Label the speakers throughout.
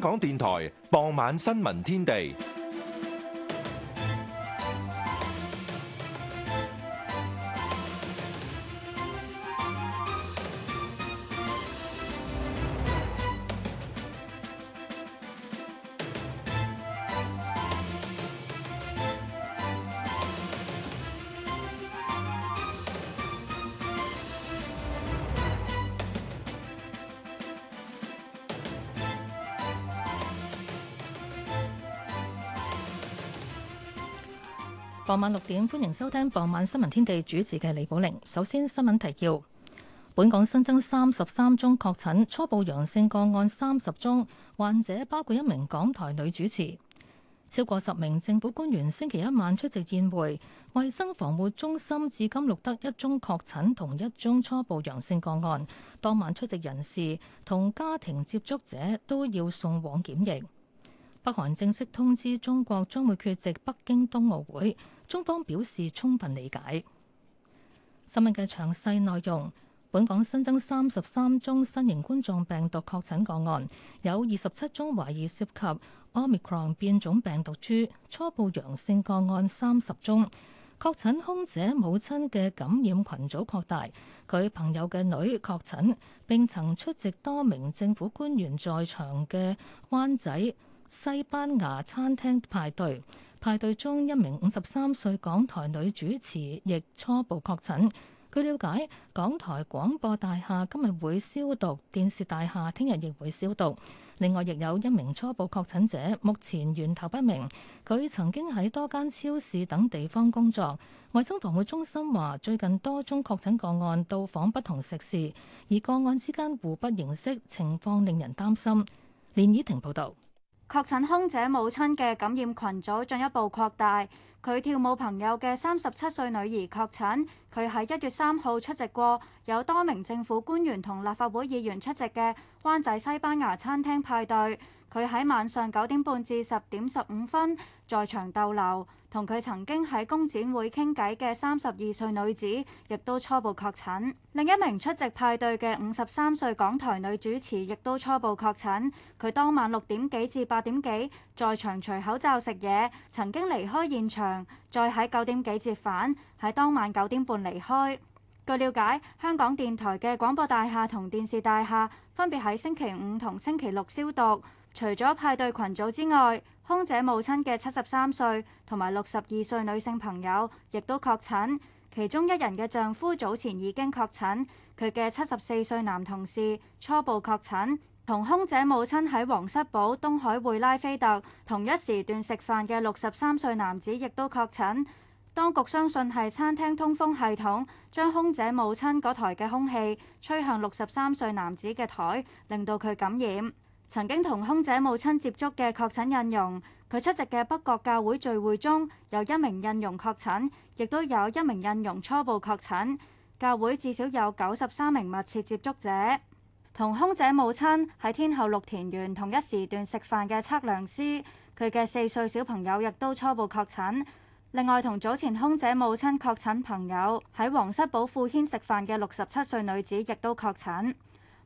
Speaker 1: 香
Speaker 2: 港電台傍晚新聞天地。
Speaker 3: 傍晚六點，歡迎收聽《傍晚新聞天地》，主持嘅李寶玲。首先，新聞提要：本港新增三十三宗確診，初步陽性個案三十宗，患者包括一名港台女主持。超過十名政府官員星期一晚出席宴會。衞生防護中心至今錄得一宗確診同一宗初步陽性個案。當晚出席人士同家庭接觸者都要送往檢疫。北韓正式通知中國將會缺席北京冬奧會。中方表示充分理解。新聞嘅詳細內容，本港新增三十三宗新型冠狀病毒確診個案，有二十七宗懷疑涉及 omicron 變種病毒株，初步陽性個案三十宗。確診空姐母親嘅感染群組擴大，佢朋友嘅女確診，並曾出席多名政府官員在場嘅灣仔西班牙餐廳派對。派對中一名五十三歲港台女主持亦初步確診。據了解，港台廣播大廈今日會消毒，電視大廈聽日亦會消毒。另外，亦有一名初步確診者，目前源頭不明。佢曾經喺多間超市等地方工作。衞生防護中心話，最近多宗確診個案到訪不同食肆，而個案之間互不認識，情況令人擔心。連以婷報道。
Speaker 4: 確診空姐母親嘅感染群組進一步擴大，佢跳舞朋友嘅三十七歲女兒確診，佢喺一月三號出席過有多名政府官員同立法會議員出席嘅灣仔西班牙餐廳派對，佢喺晚上九點半至十點十五分在場逗留。同佢曾經喺工展會傾偈嘅三十二歲女子，亦都初步確診。另一名出席派對嘅五十三歲港台女主持，亦都初步確診。佢當晚六點幾至八點幾在場除口罩食嘢，曾經離開現場，再喺九點幾折返，喺當晚九點半離開。據了解，香港電台嘅廣播大廈同電視大廈分別喺星期五同星期六消毒。除咗派對群組之外，空姐母親嘅七十三歲同埋六十二歲女性朋友亦都確診，其中一人嘅丈夫早前已經確診，佢嘅七十四歲男同事初步確診，同空姐母親喺皇室堡東海匯拉菲特同一時段食飯嘅六十三歲男子亦都確診。當局相信係餐廳通風系統將空姐母親嗰台嘅空氣吹向六十三歲男子嘅台，令到佢感染。曾經同空姐母親接觸嘅確診印傭，佢出席嘅北角教會聚會中有一名印傭確診，亦都有一名印傭初步確診。教會至少有九十三名密切接觸者。同空姐母親喺天后綠田園同一時段食飯嘅測量師，佢嘅四歲小朋友亦都初步確診。另外，同早前空姐母親確診朋友喺皇室堡富軒食飯嘅六十七歲女子亦都確診。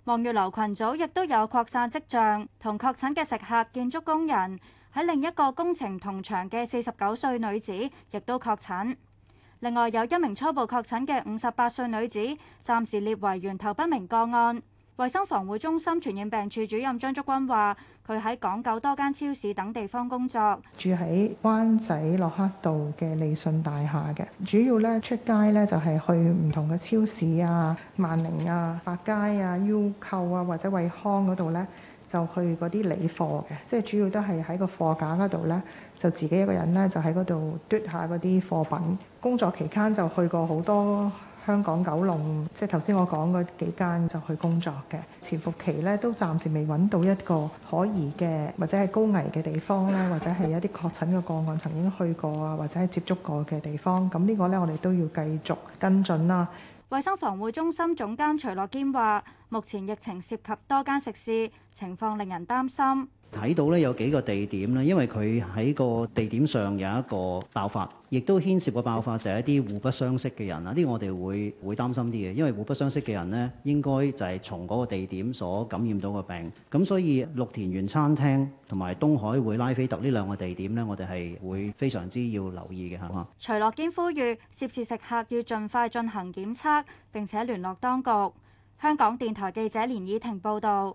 Speaker 4: 望月樓群組亦都有擴散跡象，同確診嘅食客、建築工人，喺另一個工程同場嘅四十九歲女子亦都確診。另外有一名初步確診嘅五十八歲女子，暫時列為源頭不明個案。衞生防護中心傳染病處主任張竹君話：佢喺港九多間超市等地方工作，
Speaker 5: 住喺灣仔洛克道嘅利信大廈嘅，主要咧出街咧就係去唔同嘅超市啊、萬寧啊、百佳啊、優購啊或者惠康嗰度咧，就去嗰啲理貨嘅，即係主要都係喺個貨架嗰度咧，就自己一個人咧就喺嗰度嘟下嗰啲貨品。工作期間就去過好多。香港九龍，即係頭先我講嗰幾間就去工作嘅潛伏期咧，都暫時未揾到一個可疑嘅或者係高危嘅地方啦，或者係一啲確診嘅個案曾經去過啊，或者係接觸過嘅地方。咁、這個、呢個咧，我哋都要繼續跟進啦。
Speaker 4: 衞生防護中心總監徐樂堅話，目前疫情涉及多間食肆，情況令人擔心。
Speaker 6: 睇到咧有幾個地點咧，因為佢喺個地點上有一個爆發，亦都牽涉個爆發就係一啲互不相識嘅人啊！呢個我哋會會擔心啲嘅，因為互不相識嘅人咧，應該就係從嗰個地點所感染到個病。咁所以綠田園餐廳同埋東海會拉菲特呢兩個地點咧，我哋係會非常之要留意嘅吓。
Speaker 4: 徐樂堅呼籲涉事食客要盡快進行檢測，並且聯絡當局。香港電台記者連以婷報道。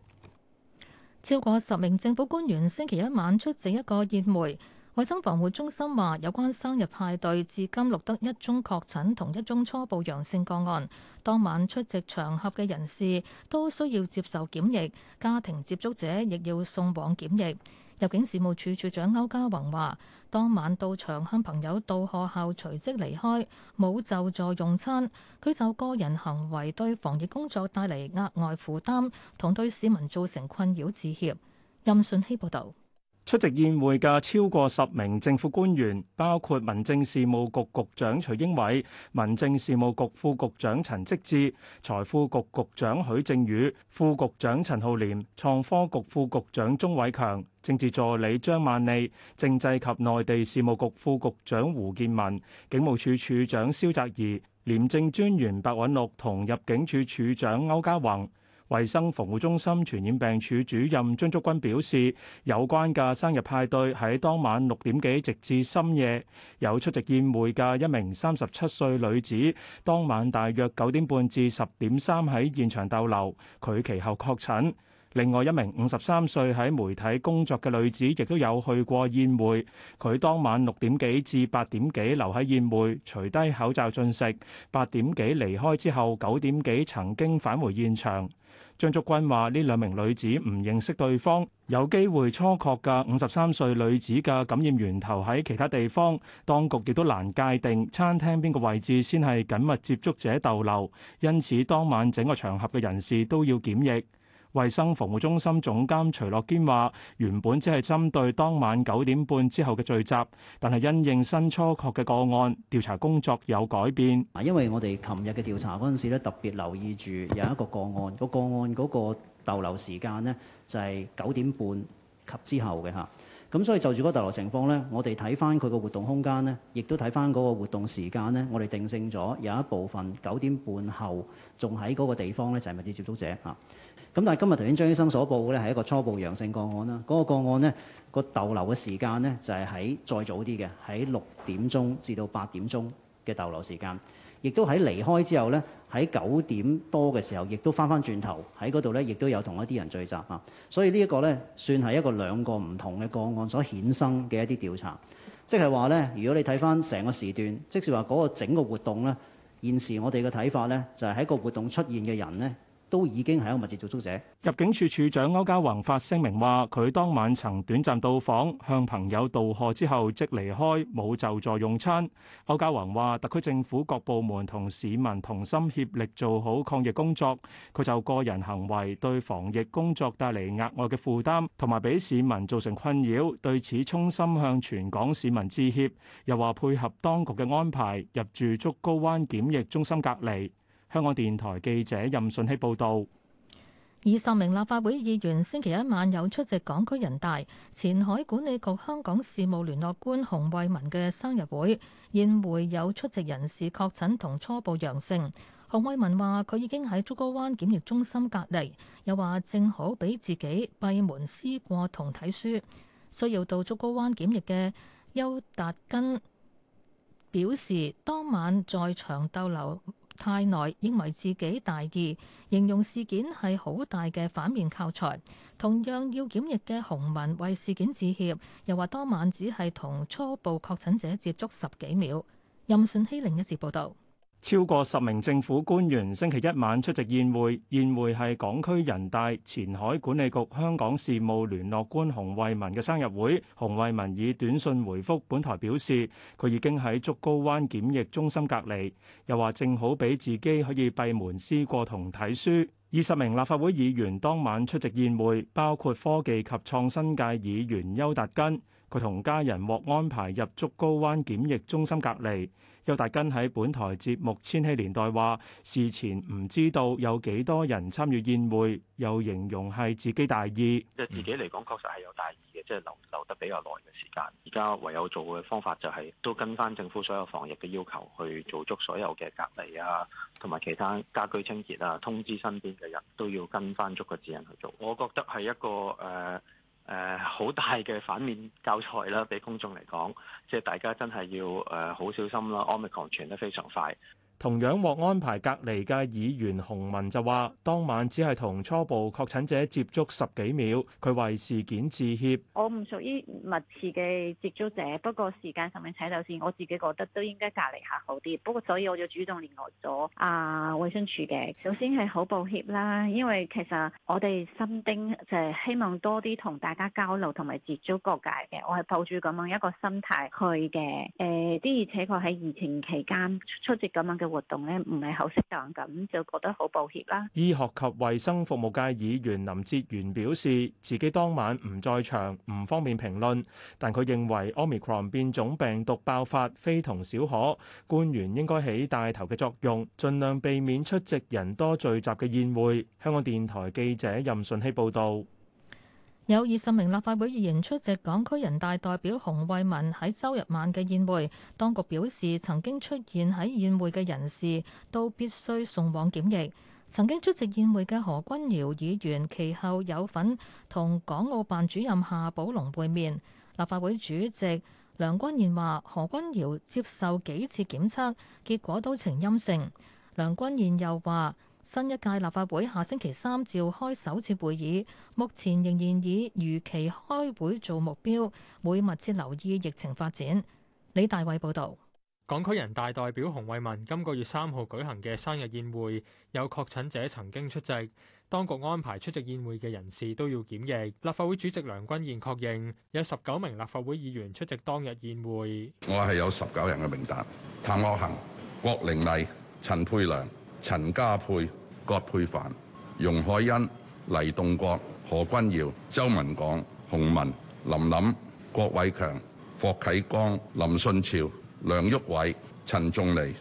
Speaker 3: 超過十名政府官員星期一晚出席一個宴會，衛生防護中心話有關生日派對至今錄得一宗確診同一宗初步陽性個案。當晚出席場合嘅人士都需要接受檢疫，家庭接觸者亦要送往檢疫。入境事務處處長歐家宏話：當晚到場向朋友道賀後，隨即離開，冇就座用餐。佢就個人行為對防疫工作帶嚟額外負擔，同對市民造成困擾致歉。任信希報導。
Speaker 7: 出席宴會嘅超過十名政府官員，包括民政事務局局長徐英偉、民政事務局副局長陳積志、財庫局局長許正宇、副局長陳浩濂、創科局副局長鍾偉強、政治助理張萬利、政制及內地事務局副局長胡建文、警務處處長蕭澤頤、廉政專員白韞六同入境處處長區嘉宏。衛生防護中心傳染病處主任張竹君表示，有關嘅生日派對喺當晚六點幾直至深夜，有出席宴會嘅一名三十七歲女子，當晚大約九點半至十點三喺現場逗留，佢其後確診。另外一名五十三歲喺媒體工作嘅女子，亦都有去過宴會。佢當晚六點幾至八點幾留喺宴會，除低口罩進食。八點幾離開之後，九點幾曾經返回現場。張竹君話：呢兩名女子唔認識對方，有機會初確嘅五十三歲女子嘅感染源頭喺其他地方。當局亦都難界定餐廳邊個位置先係緊密接觸者逗留，因此當晚整個場合嘅人士都要檢疫。衛生防護中心總監徐樂堅話：原本只係針對當晚九點半之後嘅聚集，但係因應新初確嘅個案，
Speaker 6: 調查工作有改變。啊，因為我哋琴日嘅調查嗰陣時咧，特別留意住有一個個案，嗰個個案嗰個逗留時間呢就係九點半及之後嘅吓。咁所以就住嗰個逗留情況咧，我哋睇翻佢個活動空間咧，亦都睇翻嗰個活動時間咧，我哋定性咗有一部分九點半後仲喺嗰個地方咧，就係密切接觸者啊。咁但係今日頭先張醫生所報嘅呢係一個初步陽性個案啦。嗰個個案呢，個逗留嘅時間呢，就係喺再早啲嘅，喺六點鐘至到八點鐘嘅逗留時間，亦都喺離開之後呢，喺九點多嘅時候，亦都翻翻轉頭喺嗰度呢，亦都有同一啲人聚集啊。所以呢一個呢，算係一個兩個唔同嘅個案所衍生嘅一啲調查，即係話呢，如果你睇翻成個時段，即使話嗰個整個活動呢，現時我哋嘅睇法呢，就係喺個活動出現嘅人呢。都已經係個密切接觸者。
Speaker 7: 入境處處長區嘉宏發聲明話：佢當晚曾短暫到訪，向朋友道賀之後即離開，冇就座用餐。區嘉宏話：特區政府各部門同市民同心協力做好抗疫工作。佢就個人行為對防疫工作帶嚟額外嘅負擔，同埋俾市民造成困擾，對此衷心向全港市民致歉。又話配合當局嘅安排，入住竹篙灣檢疫中心隔離。香港電台記者任信希報道。
Speaker 3: 二十名立法會議員星期一晚有出席港區人大前海管理局香港事務聯絡官洪為民嘅生日會，宴會有出席人士確診同初步陽性。洪為民話，佢已經喺竹篙灣檢疫中心隔離，又話正好俾自己閉門思過同睇書。需要到竹篙灣檢疫嘅邱達根表示，當晚在場逗留太耐，認為自己大意，形容事件係好大嘅反面教材。同樣要檢疫嘅洪文為事件致歉，又話當晚只係同初步確診者接觸十幾秒。任信希另一次報導。
Speaker 7: 超過十名政府官員星期一晚出席宴會，宴會係港區人大前海管理局香港事務聯絡官洪慧文嘅生日會。洪慧文以短信回覆本台表示，佢已經喺竹篙灣檢疫中心隔離，又話正好俾自己可以閉門思過同睇書。二十名立法會議員當晚出席宴會，包括科技及創新界議員邱達根，佢同家人獲安排入竹篙灣檢疫中心隔離。邱達根喺本台節目《千禧年代》話事前唔知道有幾多人參與宴會，又形容係自己大意。
Speaker 1: 即係、嗯、自己嚟講確實係有大意嘅，即、就、係、
Speaker 8: 是、留留得比較耐嘅時間，而家唯有做嘅方法就係、是、都跟翻政府所有防疫嘅要求去做足所有嘅隔離啊，同埋其他家居清潔啊，通知身邊嘅人都要跟翻足個指引去做。
Speaker 1: 我覺得係一個誒。呃誒好、呃、大
Speaker 8: 嘅反面教材啦，俾公眾嚟講，即係大家真係要誒好、呃、小心啦，Omicron 傳得非常快。
Speaker 7: 同樣獲安排隔離嘅議員洪雯就話：當晚只係同初步確診者接觸十幾秒，佢為事件致歉。
Speaker 4: 我唔屬於密切嘅接觸者，不過時間上面睇到先，我自己覺得都應該隔離下好啲。不過所以我就主動聯絡咗
Speaker 9: 啊衛生署嘅。首先係好抱歉
Speaker 4: 啦，因為其實我哋新丁就係希望多啲同大家交流同埋接觸各界嘅。我係抱住咁樣一個心態去嘅。誒、呃、啲而且佢喺疫情期間出席咁樣嘅。活動咧，唔係好適當，咁就覺得好抱歉啦。
Speaker 7: 醫學及衛生服務界議員林哲元表示，自己當晚唔在場，唔方便評論。但佢認為 Omicron 變種病毒爆發非同小可，官員應該起帶頭嘅作用，盡量避免出席人多聚集嘅宴會。香港電台記者任順希報導。
Speaker 3: 有二十名立法會議員出席港區人大代表洪為民喺周日晚嘅宴會，當局表示曾經出現喺宴會嘅人士，都必須送往檢疫。曾經出席宴會嘅何君堯議員，其後有份同港澳辦主任夏寶龍會面。立法會主席梁君彥話：何君堯接受幾次檢測，結果都呈陰性。梁君彥又話，新一屆立法會下星期三召開首次會議，目前仍然以如期開會做目標，會密切留意疫情發展。李大偉報道。
Speaker 1: 港區人大代表洪為民今個月三號舉行嘅生日宴會，有確診者曾經出席，當局安排出席宴會嘅人士都要檢疫。立法會主席梁君彥確認有十九名立法會議員出席當日宴會。
Speaker 10: 我係有十九人嘅名單，譚岳衡、郭玲麗、陳佩良。陳家沛、葛珮帆、容海恩、黎棟國、何君堯、周文港、洪文、林琳、郭偉強、霍啟剛、林順潮、梁毓偉、陳仲尼、誒、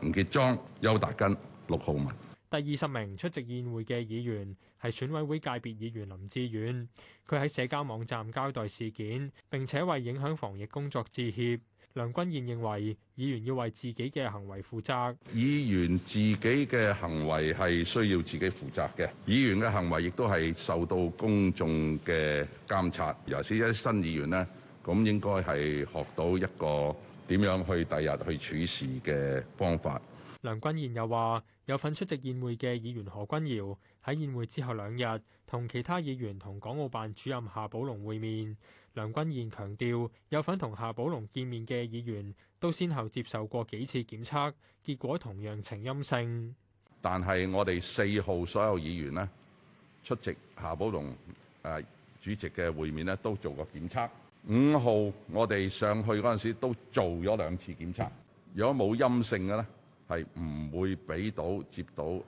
Speaker 10: 吳傑莊、邱達根、陸浩文。
Speaker 1: 第二十名出席宴會嘅議員係選委會界別議員林志遠，佢喺社交網站交代事件，並且為影響防疫工作致歉。梁君彥認為議員要為自己嘅行為負責，
Speaker 10: 議員自己嘅行為係需要自己負責嘅。議員嘅行為亦都係受到公眾嘅監察，尤其是新議員呢，咁應該係學到一個點樣去第日去處事嘅方法。
Speaker 1: 梁君彥又話：有份出席宴會嘅議員何君堯喺宴會之後兩日，同其他議員同港澳辦主任夏寶龍會面。梁君彥強調，有份同夏寶龍見面嘅議員都先後接受過幾次檢測，結果同樣呈陰性。
Speaker 10: 但係我哋四號所有議員呢，出席夏寶龍誒主席嘅會面呢，都做過檢測。五號我哋上去嗰陣時都做咗兩次檢測。如果冇陰性嘅咧，係唔會俾到接到誒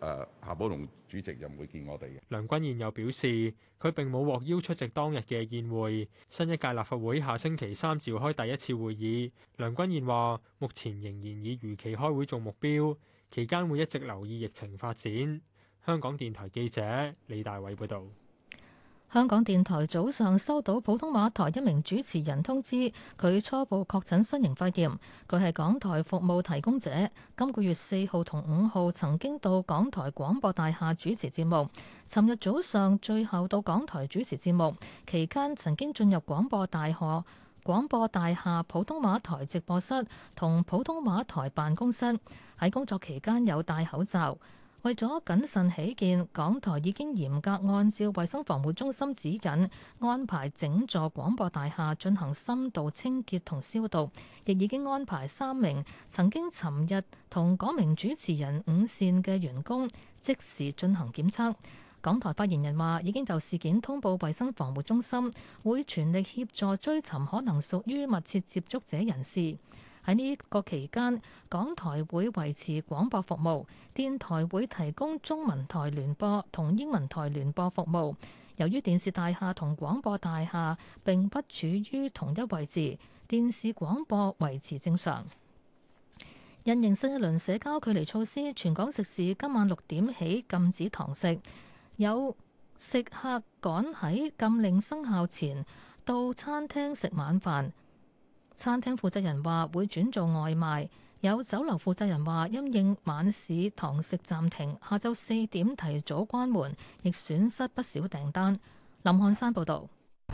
Speaker 10: 夏寶龍。主席又唔會見我哋。
Speaker 1: 梁君彥又表示，佢並冇獲邀出席當日嘅宴會。新一屆立法會下星期三召開第一次會議。梁君彥話，目前仍然以如期開會做目標，期間會一直留意疫情發展。香港電台記者李大偉報導。
Speaker 3: 香港電台早上收到普通話台一名主持人通知，佢初步確診新型肺炎。佢係港台服務提供者，今個月四號同五號曾經到港台廣播大廈主持節目，尋日早上最後到港台主持節目期間，曾經進入廣播大學廣播大廈普通話台直播室同普通話台辦公室，喺工作期間有戴口罩。為咗謹慎起見，港台已經嚴格按照衛生防護中心指引，安排整座廣播大廈進行深度清潔同消毒，亦已經安排三名曾經尋日同嗰名主持人五線嘅員工即時進行檢測。港台發言人話：已經就事件通報衛生防護中心，會全力協助追尋可能屬於密切接觸者人士。喺呢個期間，港台會維持廣播服務，電台會提供中文台聯播同英文台聯播服務。由於電視大廈同廣播大廈並不處於同一位置，電視廣播維持正常。因應新一輪社交距離措施，全港食肆今晚六點起禁止堂食，有食客趕喺禁令生效前到餐廳食晚飯。餐廳負責人話會轉做外賣，有酒樓負責人話因應晚市堂食暫停，下晝四點提早關門，亦損失不少訂單。林漢山報導。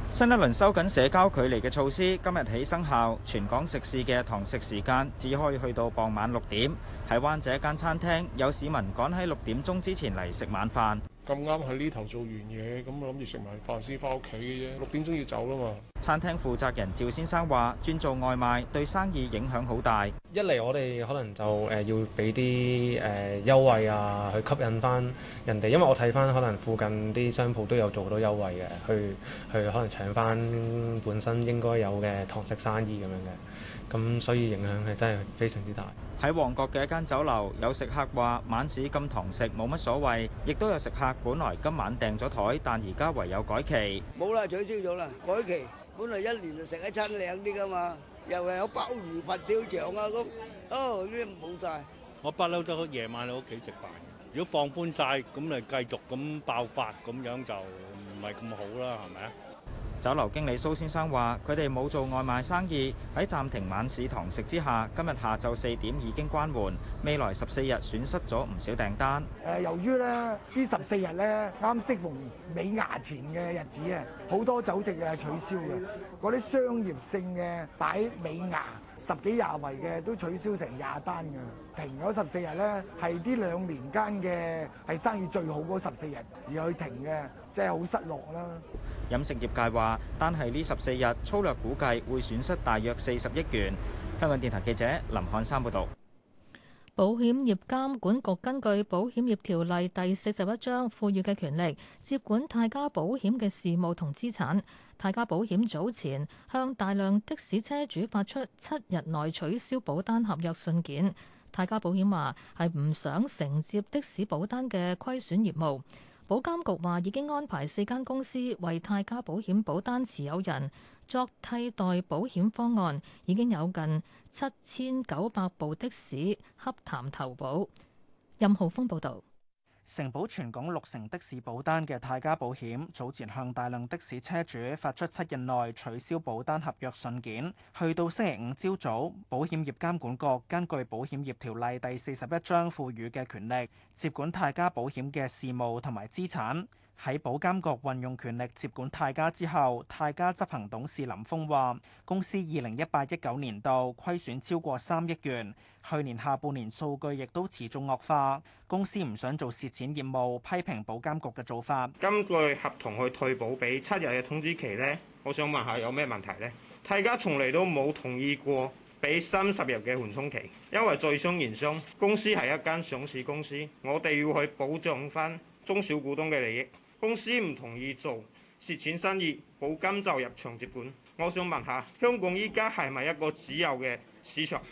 Speaker 11: 新一輪收緊社交距離嘅措施今日起生效，全港食肆嘅堂食時間只可以去到傍晚六點。喺灣仔一間餐廳，有市民趕喺六點鐘之前嚟食晚飯。咁啱喺呢頭做完嘢，咁我諗住食埋飯先翻屋企嘅啫。六點鐘要走啦嘛。餐廳負責人趙先生話：專做外賣對生意影響好大。一嚟我哋
Speaker 12: 可能就誒要俾啲誒優惠啊，去吸引翻人哋。因為我睇翻可能附近啲商鋪都有做好多優惠嘅，去去可能搶翻本身應該有嘅堂食生意咁樣嘅。咁所以影響係真係非常之大。
Speaker 11: 喺旺角嘅一間酒樓有食客話：晚市咁堂食冇乜所謂。亦都有食客。本來今晚訂咗台，但而家唯有改期。
Speaker 5: 冇啦，取消咗啦。改期，本來一年就食一餐靚啲噶嘛，又係有鮑魚、佛跳牆啊咁，
Speaker 2: 哦，呢冇晒。我不嬲都夜晚喺屋企食飯。如果放寬晒，咁咪繼續咁爆發，咁樣就唔係咁好啦，係咪啊？酒樓經理蘇先
Speaker 11: 生話：佢哋冇做外賣生意，喺暫停晚市堂食之下，今日下晝四點已經關門。未來十四日損失咗唔少訂單。
Speaker 13: 誒，由於咧呢十四日咧啱適逢尾牙前嘅日子啊，好多酒席誒取消嘅。嗰啲商業性嘅擺尾牙十幾廿圍嘅都取消成廿單嘅。停咗十四日咧，係呢兩年間嘅係生意最好嗰十四日而去停嘅，即係好失落啦。
Speaker 11: 飲食業界話，單係呢十四日粗略估計會損失大約四十億元。香港電台記者林漢山報導。
Speaker 3: 保險業監管局根據保險業條例第四十一章賦予嘅權力，接管泰嘉保險嘅事務同資產。泰嘉保險早前向大量的士車主發出七日內取消保單合約信件。泰嘉保險話係唔想承接的士保單嘅虧損業務。保監局話已經安排四間公司為泰加保險保單持有人作替代保險方案，已經有近七千九百部的士洽談投保。任浩峰報導。承保全港六
Speaker 5: 成的士保單嘅泰家保險，早前向大量的士車主發出七日內取消保單合約信件。去到星期五朝早，保險業監管局根據保險業條例第四十一章賦予嘅權力，接管泰家保險嘅事務同埋資產。喺保監局運用權力接管泰加之後，泰加執行董事林峰話：公司二零一八一九年度虧損超過三億元，去年下半年數據亦都持續惡化。公司唔想做蝕錢業務，批評保
Speaker 7: 監局嘅做法。根據合同去退保，俾七日嘅通知期呢，我想問下有咩問題呢？泰加從嚟都冇同意過俾三十日嘅緩衝期，因為在商言商，公司係一間上市公司，我哋要去保障翻中小股東嘅利益。公司唔同意做蝕錢生意，保金就入場接管。我想問下，香港依家係咪一個自由嘅市場？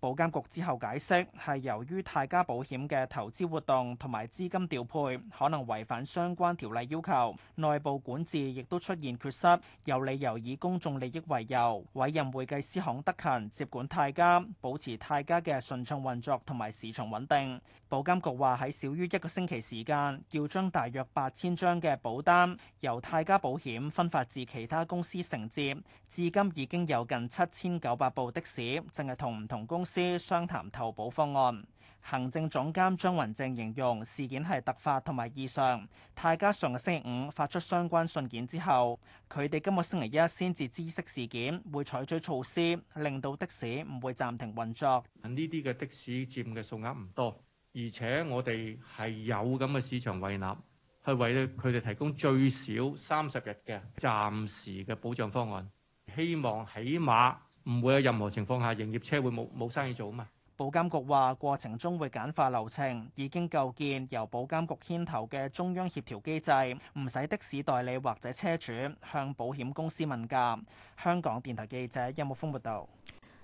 Speaker 7: 保監局之
Speaker 5: 後解釋係由於泰家保險嘅投資活動同埋資金調配可能違反相關條例要求，內部管治亦都出現缺失，有理由以公眾利益為由委任會計師行德勤接管泰家，保持泰家嘅順暢運作同埋市場穩定。保監局話喺少於一個星期時間，要將大約八千張嘅保單由泰家保險分發至其他公司承接，至今已經有近七千九百部的士，淨係同唔同公司。司商談投保方案。行政總監張雲靜形容事件係突發同埋異常。泰加上個星期五發出相關信件之後，佢哋今個星期一先至知悉事件，會採取措施，令到的士唔會暫停運作。呢啲嘅
Speaker 7: 的士佔嘅數額唔多，而且我哋係有咁嘅市場胃納，係為佢哋提供最少三十日嘅暫時嘅保障方案，希望起碼。唔會有任何情況下營業車會冇冇生意做啊嘛？保
Speaker 5: 監局話過程中會簡化流程，已經構建由保監局牽頭嘅中央協調機制，唔使的士代理或者車主向保險公司問價。香港電台記者任木峰報道。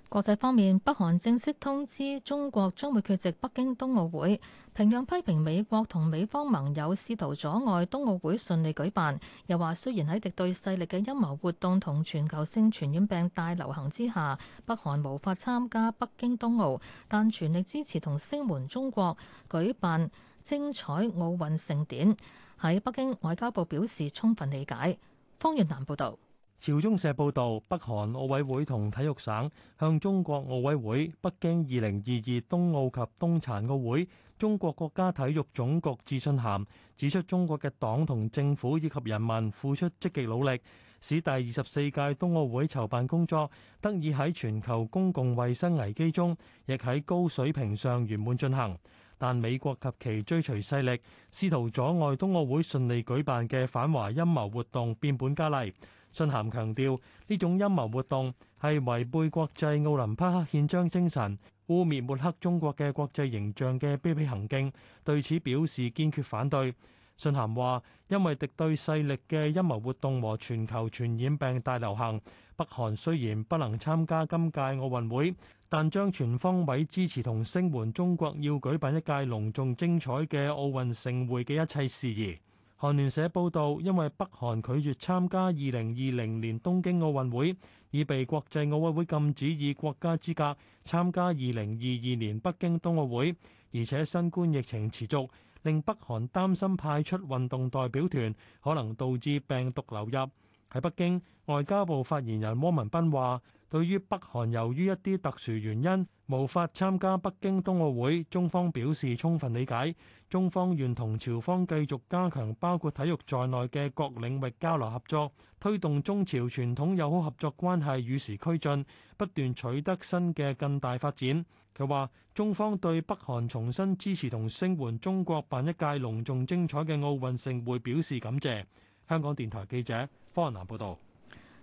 Speaker 3: 國際方面，北韓正式通知中國將會缺席北京冬奧會，平壤批評美國同美方盟友試圖阻礙冬奧會順利舉辦，又話雖然喺敵對勢力嘅陰謀活動同全球性傳染病大流行之下，北韓無法參加北京冬奧，但全力支持同聲援中國舉辦精彩奧運盛典。喺北京外交部表示充分理解。方月南報導。
Speaker 2: 朝中社報道，北韓奧委會同體育省向中國奧委會、北京2022冬奧及冬殘奧會中國國家體育總局致信函，指出中國嘅黨同政府以及人民付出積極努力，使第二十四屆冬奧會籌辦工作得以喺全球公共衛生危機中，亦喺高水平上圓滿進行。但美國及其追隨勢力試圖阻礙冬奧會順利舉辦嘅反華陰謀活動變本加厲。信函強調，呢種陰謀活動係違背國際奧林匹克憲章精神、污蔑抹黑中國嘅國際形象嘅卑鄙行徑，對此表示堅決反對。信函話：因為敵對勢力嘅陰謀活動和全球傳染病大流行，北韓雖然不能參加今屆奧運會，但將全方位支持同聲援中國要舉辦一屆隆重精彩嘅奧運盛會嘅一切事宜。韓聯社報導，因為北韓拒絕參加二零二零年東京奧運會，已被國際奧委會禁止以國家資格參加二零二二年北京冬奧會，而且新冠疫情持續，令北韓擔心派出運動代表團可能導致病毒流入。喺北京，外交部發言人汪文斌話，對於北韓由於一啲特殊原因無法參加北京冬奧會，中方表示充分理解。中方願同朝方繼續加強包括體育在內嘅各領域交流合作，推動中朝傳統友好合作關係與時俱進，不斷取得新嘅更大發展。佢話中方對北韓重新支持同聲援中國辦一屆隆重精彩嘅奧運盛會表示感謝，香港電台記者。方南報道，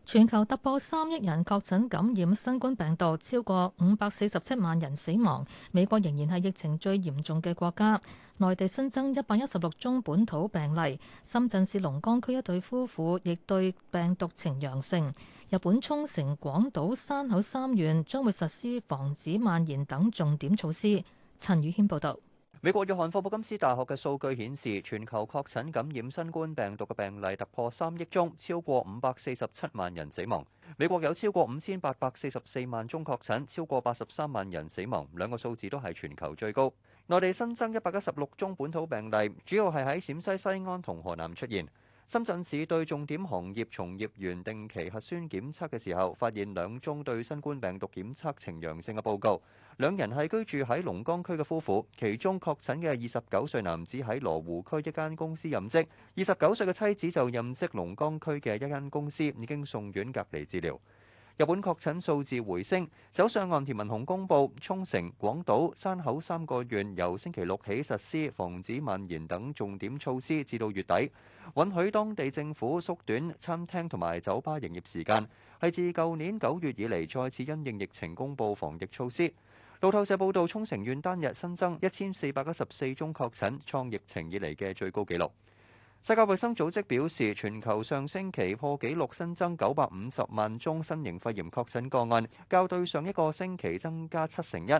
Speaker 3: 全球突破三億人確診感染新冠病毒，超過五百四十七萬人死亡。美國仍然係疫情最嚴重嘅國家。內地新增一百一十六宗本土病例，深圳市龍崗區一對夫婦亦對病毒呈陽性。日本沖繩、廣島、山口三縣將會實施防止蔓延等重點措施。陳宇軒報道。
Speaker 8: 美國約翰霍普金斯大學嘅數據顯示，全球確診感染新冠病毒嘅病例突破三億宗，超過五百四十七萬人死亡。美國有超過五千八百四十四萬宗確診，超過八十三萬人死亡，兩個數字都係全球最高。內地新增一百一十六宗本土病例，主要係喺陝西、西安同河南出現。深圳市對重點行業從業員定期核酸檢測嘅時候，發現兩宗對新冠病毒檢測呈陽性嘅報告，兩人係居住喺龍崗區嘅夫婦，其中確診嘅二十九歲男子喺羅湖區一間公司任職，二十九歲嘅妻子就任職龍崗區嘅一間公司，已經送院隔離治療。日本確診數字回升，首相岸田文雄公布，沖繩、廣島、山口三個縣由星期六起實施防止蔓延等重點措施，至到月底，允許當地政府縮短餐廳同埋酒吧營業時間，係自舊年九月以嚟再次因應疫情公布防疫措施。路透社報道，沖繩縣單日新增一千四百一十四宗確診，創疫情以嚟嘅最高紀錄。世界衛生組織表示，全球上星期破紀錄新增九百五十萬宗新型肺炎確診個案，較對上一個星期增加七成一。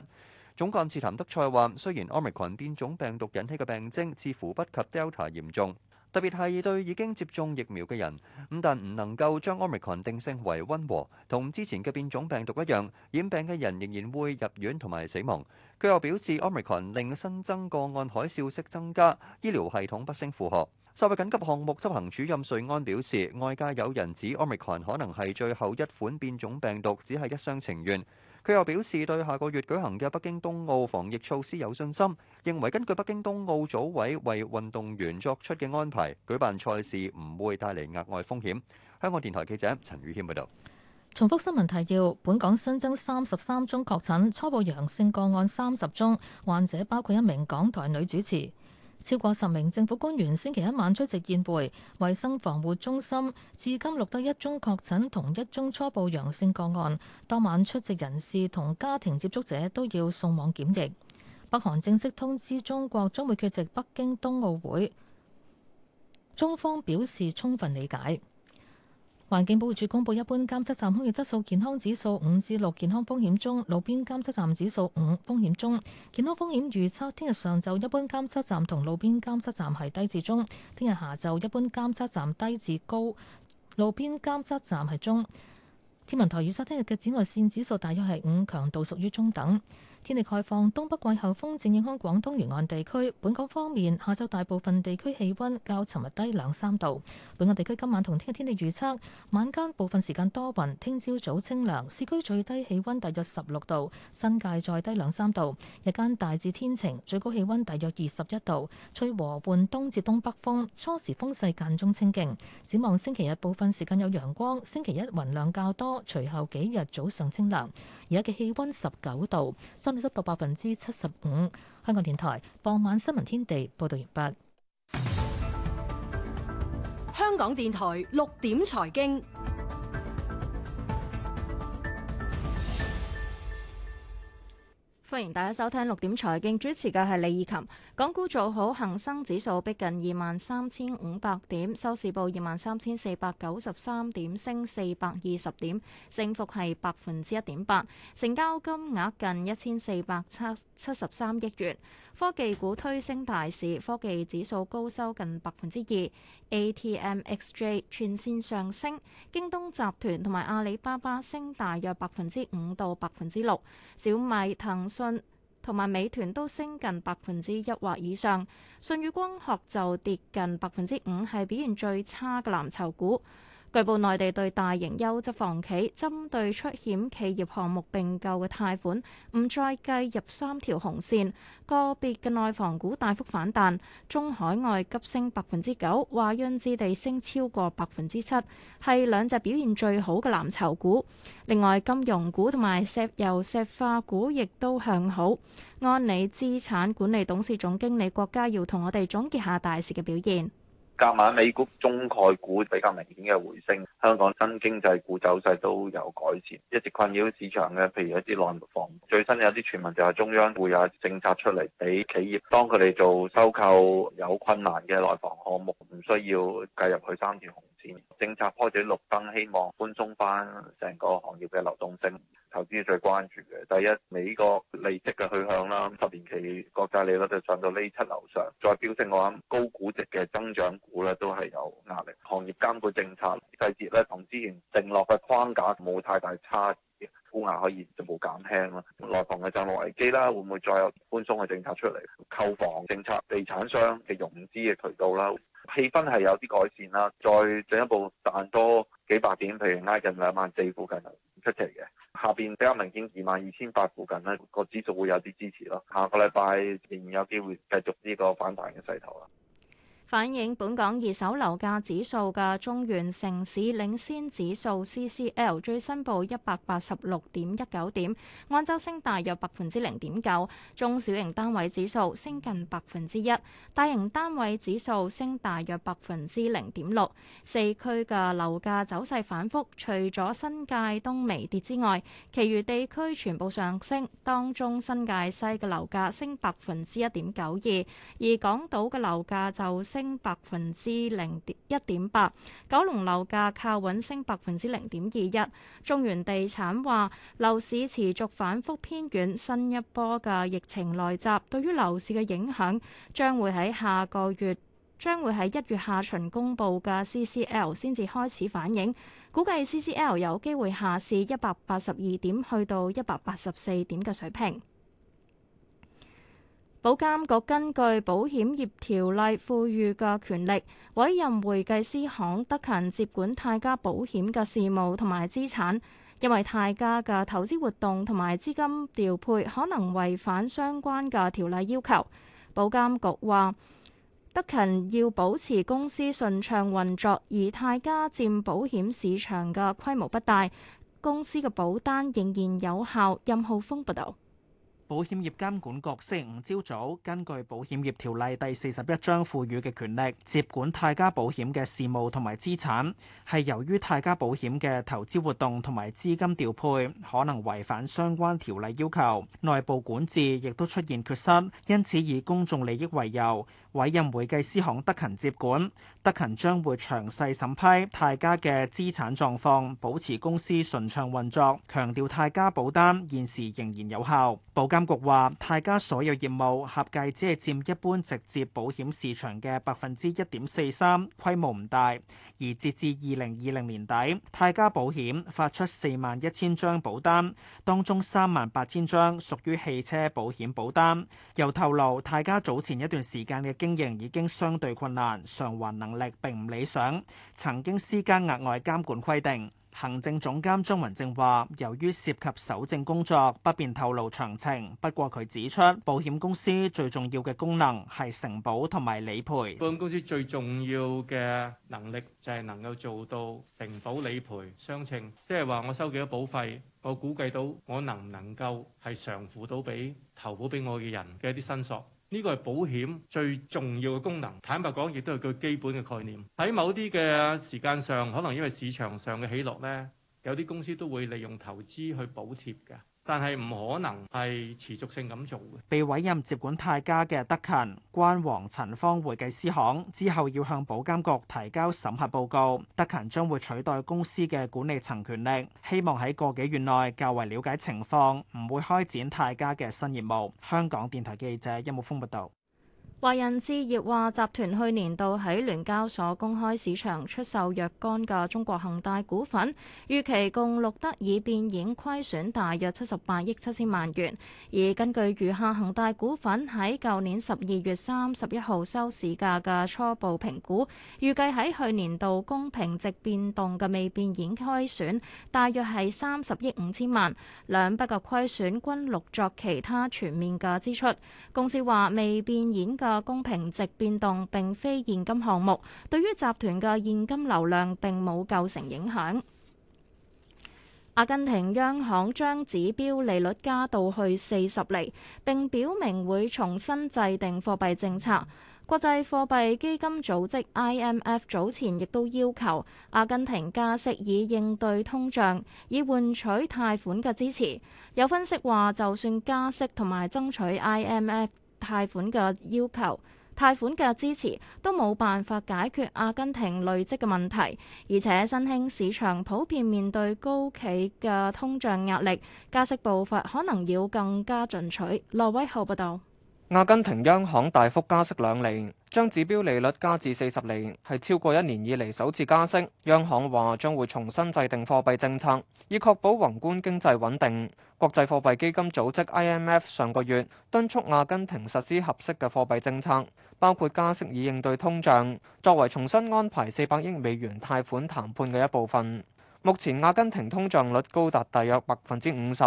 Speaker 8: 總幹事譚德賽話，雖然 Omicron 變種病毒引起嘅病徵似乎不及 Delta 嚴重，特別係對已經接種疫苗嘅人咁，但唔能夠將 Omicron 定性為温和，同之前嘅變種病毒一樣，染病嘅人仍然會入院同埋死亡。佢又表示，Omicron 令新增個案海嘯式增加，醫療系統不勝負荷。受惠緊急項目執行主任瑞安表示，外界有人指 Omicron 可能係最後一款變種病毒，只係一廂情願。佢又表示對下個月舉行嘅北京冬奧防疫措施有信心，認為根據北京冬奧組委為運動員作出嘅安排，舉辦賽事唔會帶嚟額外風險。香港電台記者陳宇軒報導。
Speaker 3: 重複新聞提要：本港新增三十三宗確診，初步陽性個案三十宗，患者包括一名港台女主持。超過十名政府官員星期一晚出席宴會，衞生防護中心至今錄得一宗確診同一宗初步陽性個案。當晚出席人士同家庭接觸者都要送往檢疫。北韓正式通知中國將會缺席北京冬奧會，中方表示充分理解。環境保護署公布一般監測站空氣質素健康指數五至六，健康風險中；路邊監測站指數五，風險中。健康風險預測：聽日上晝一般監測站同路邊監測站係低至中；聽日下晝一般監測站低至高，路邊監測站係中。天文台預測，聽日嘅紫外線指數大約係五，強度屬於中等。天氣概況，東北季候風正影響廣東沿岸地區。本港方面，下周大部分地區氣温較尋日低兩三度。本港地區今晚同聽日天氣預測：晚間部分時間多雲，聽朝早早清涼，市區最低氣温大約十六度，新界再低兩三度。日間大致天晴，最高氣温大約二十一度，吹和緩東至東北風，初時風勢間中清勁。展望星期日部分時間有陽光，星期一雲量較多，隨後幾日早上清涼。而家嘅氣温十九度。濕度百分之七十五。香港電台傍晚新聞天地報道完畢。
Speaker 9: 香港電台六點財經。歡迎大家收聽六點財經，主持嘅係李以琴。港股做好，恒生指數逼近二萬三千五百點，收市報二萬三千四百九十三點，升四百二十點，升幅係百分之一點八。成交金額近一千四百七七十三億元。科技股推升大市，科技指數高收近百分之二。ATMXJ 全線上升，京東集團同埋阿里巴巴升大約百分之五到百分之六，小米、騰訊，同埋美團都升近百分之一或以上，舜宇光學就跌近百分之五，係表現最差嘅藍籌股。據報，內地對大型優質房企針對出險企業項目並購嘅貸款唔再計入三條紅線。個別嘅內房股大幅反彈，中海外急升百分之九，華潤置地升超過百分之七，係兩隻表現最好嘅藍籌股。另外，金融股同埋石油石化股亦都向好。安理資產管理董事總經理郭家耀同我哋總結下大市嘅表現。
Speaker 13: 隔晚美股中概股比較明顯嘅回升，香港新經濟股走勢都有改善。一直困擾市場嘅，譬如一啲內房，最新有啲傳聞就係中央會有政策出嚟，俾企業當佢哋做收購有困難嘅內房項目，唔需要計入去三條紅線。政策開咗綠燈，希望寬鬆翻成個行業嘅流動性。投資最關注嘅，第一美國利息嘅去向啦，十年期國債利率就上到呢七樓上，再飆升我諗，高估值嘅增長股咧都係有壓力。行業監管政策細節咧，同之前定落嘅框架冇太大差異，沽壓可以逐步減輕咯。內房嘅債務危機啦，會唔會再有寬鬆嘅政策出嚟？購房政策、地產商嘅融資嘅渠道啦，氣氛係有啲改善啦，再進一步彈多幾百點，譬如拉近兩萬四附近。出奇嘅，下邊比較明顯，二萬二千八附近咧個指數會有啲支持咯，下個禮拜仍有機會繼續呢個反彈嘅勢頭啦。
Speaker 9: 反映本港二手樓價指數嘅中原城市領先指數 CCL 最新報一百八十六點一九點，按周升大約百分之零點九；中小型單位指數升近百分之一，大型單位指數升大約百分之零點六。四區嘅樓價走勢反復，除咗新界東微跌之外，其餘地區全部上升，當中新界西嘅樓價升百分之一點九二，而港島嘅樓價就升。百分之零點一點八，8, 九龍樓價靠穩升百分之零點二一。中原地產話，樓市持續反覆偏軟，新一波嘅疫情來襲，對於樓市嘅影響將會喺下個月，將會喺一月下旬公佈嘅 CCL 先至開始反映，估計 CCL 有機會下試一百八十二點去到一百八十四點嘅水平。保監局根據保險業條例賦予嘅權力，委任會計師行德勤接管泰家保險嘅事務同埋資產，因為泰家嘅投資活動同埋資金調配可能違反相關嘅條例要求。保監局話，德勤要保持公司順暢運作，而泰家佔保險市場嘅規模不大，公司嘅保單仍然有效。任浩峰報導。
Speaker 5: 保險業監管局星期五朝早根據保險業條例第四十一章賦予嘅權力，接管泰家保險嘅事務同埋資產，係由於泰家保險嘅投資活動同埋資金調配可能違反相關條例要求，內部管治亦都出現缺失，因此以公眾利益為由委任會計師行德勤接管。德勤將會詳細審批泰家嘅資產狀況，保持公司順暢運作。強調泰家保單現時仍然有效，保監。局話泰家所有業務合計只係佔一般直接保險市場嘅百分之一點四三，規模唔大。而截至二零二零年底，泰家保險發出四萬一千張保單，當中三萬八千張屬於汽車保險保單。又透露泰家早前一段時間嘅經營已經相對困難，償還能力並唔理想，曾經施加額外監管規定。行政總監張雲正話，由於涉及搜證工作，不便透露詳情。不過佢指出，保險公司最重要嘅功能係承保同埋理
Speaker 7: 賠。保險公司最重要嘅能力就係能夠做到承保理賠相稱，即係話我收幾多保費，我估計到我能唔能夠係償付到俾投保俾我嘅人嘅一啲申索。呢個係保險最重要嘅功能，坦白講，亦都係個基本嘅概念。喺某啲嘅時間上，可能因為市場上嘅起落呢，有啲公司都會利用投資去補貼㗎。但係唔可能係持續性咁做。被
Speaker 5: 委任接管泰加嘅德勤關黃陳方會計師行之後，要向保監局提交審核報告。德勤將會取代公司嘅管理層權力，希望喺個幾月內較為了解情況，唔會開展泰加嘅新業務。香港電台記者音木峯報道。
Speaker 9: 華人置業話，集團去年度喺聯交所公開市場出售若干嘅中國恒大股份，預期共錄得已變現虧損大約七十八億七千萬元。而根據餘下恒大股份喺舊年十二月三十一號收市價嘅初步評估，預計喺去年度公平值變動嘅未變現虧損大約係三十億五千萬。兩筆嘅虧損均錄作其他全面嘅支出。公司話，未變現嘅公平值變動並非現金項目，對於集團嘅現金流量並冇構成影響。阿根廷央行將指標利率加到去四十厘，並表明會重新制定貨幣政策。國際貨幣基金組織 IMF 早前亦都要求阿根廷加息，以應對通脹，以換取貸款嘅支持。有分析話，就算加息同埋爭取 IMF。貸款嘅要求、貸款嘅支持都冇辦法解決阿根廷累積嘅問題，而且新興市場普遍面對高企嘅通脹壓力，加息步伐可能要更加進取。羅威浩報道：
Speaker 12: 阿根廷央行大幅加息兩釐，將指標利率加至四十釐，係超過一年以嚟首次加息。央行話將會重新制定貨幣政策，以確保宏觀經濟穩定。國際貨幣基金組織 IMF 上個月敦促阿根廷實施合適嘅貨幣政策，包括加息以應對通脹，作為重新安排四百億美元貸款談判嘅一部分。目前阿根廷通脹率高達大約百分之五十，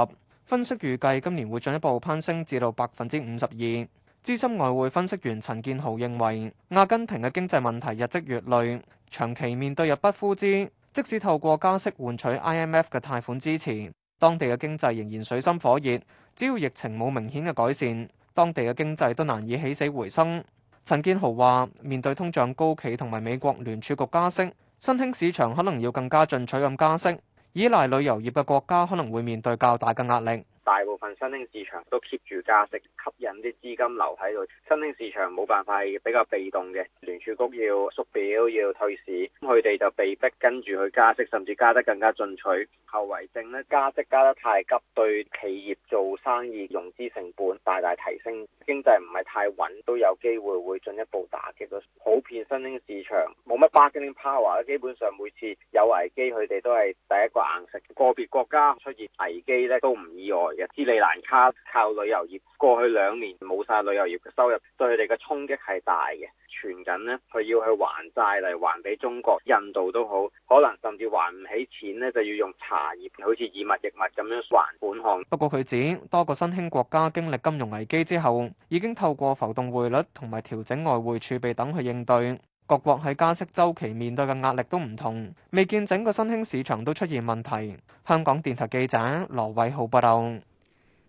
Speaker 12: 分析預計今年會進一步攀升至到百分之五十二。資深外匯分析員陳建豪認為，阿根廷嘅經濟問題日積月累，長期面對入不敷支，即使透過加息換取 IMF 嘅貸款支持。當地嘅經濟仍然水深火熱，只要疫情冇明顯嘅改善，當地嘅經濟都難以起死回生。陳建豪話：面對通脹高企同埋美國聯儲局加息，新興市場可能要更加進取咁加息，依賴旅遊業嘅國家可能會面對較大嘅壓力。
Speaker 11: 大部分新興市場都 keep 住加息，吸引啲資金留喺度。新興市場冇辦法，比較被動嘅，聯儲局要縮表要退市，咁佢哋就被逼跟住去加息，甚至加得更加進取。後遺症呢，加息加得太急，對企業做生意融資成本大大提升，經濟唔係太穩，都有機會會進一步打擊到普遍新興市場。冇乜 bargaining power，基本上每次有危機，佢哋都係第一個硬食。個別國家出現危機咧，都唔意外。斯里蘭卡靠旅遊業，過去兩年冇晒旅遊業嘅收入，對佢哋嘅衝擊係大嘅。存緊呢，佢要去還債嚟還俾中國印度都好，可能甚至還唔起錢呢，就要用茶葉好似以物易物咁樣還本項。不
Speaker 12: 過，佢指多個新興國家經歷金融危機之後，已經透過浮動匯率同埋調整外匯儲備等去應對。各國喺加息周期面對嘅壓力都唔同，未見整個新興市場都出現問題。香港電台記者羅偉浩報道，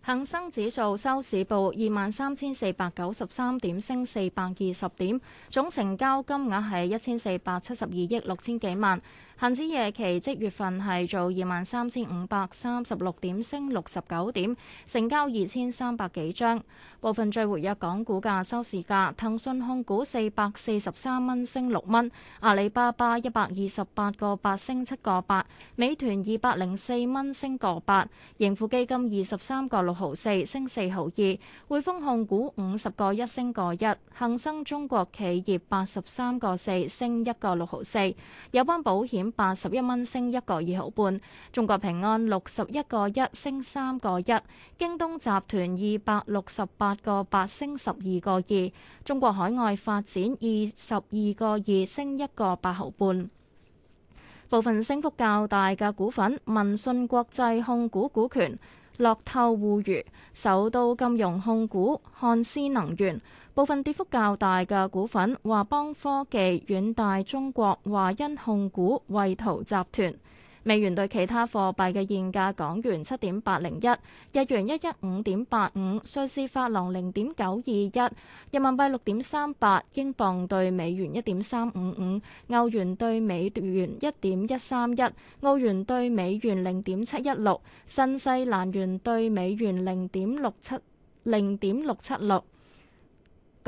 Speaker 9: 恒生指數收市報二萬三千四百九十三點，升四百二十點，總成交金額係一千四百七十二億六千幾萬。恒指夜期即月份係做二萬三千五百三十六點，升六十九點，成交二千三百幾張。部分最活躍港股嘅收市價：騰訊控股四百四十三蚊，升六蚊；阿里巴巴一百二十八個八，升七個八；美團二百零四蚊，升個八；盈富基金二十三個六毫四，升四毫二；匯豐控股五十個一，升個一；恒生中國企業八十三個四，升一個六毫四。有關保險。八十一蚊升一個二毫半，中國平安六十一個一升三個一，京東集團二百六十八個八升十二個二，中國海外發展二十二個二升一個八毫半。部分升幅較大嘅股份：民信國際控股股權、樂透互娛、首都金融控股、漢斯能源。部分跌幅較大嘅股份：華邦科技、遠大中國、華欣控股、惠圖集團。美元對其他貨幣嘅現價：港元七點八零一，日元一一五點八五，瑞士法郎零點九二一，人民幣六點三八，英鎊對美元一點三五五，歐元對美元一點一三一，澳元對美元零點七一六，新西蘭元對美元零點六七零點六七六。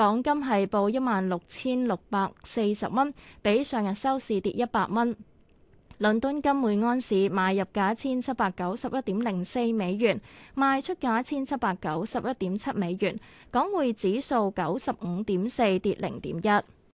Speaker 9: 港金係報一萬六千六百四十蚊，比上日收市跌一百蚊。倫敦金每安士買入價一千七百九十一點零四美元，賣出價一千七百九十一點七美元。港匯指數九十五點四跌零點一。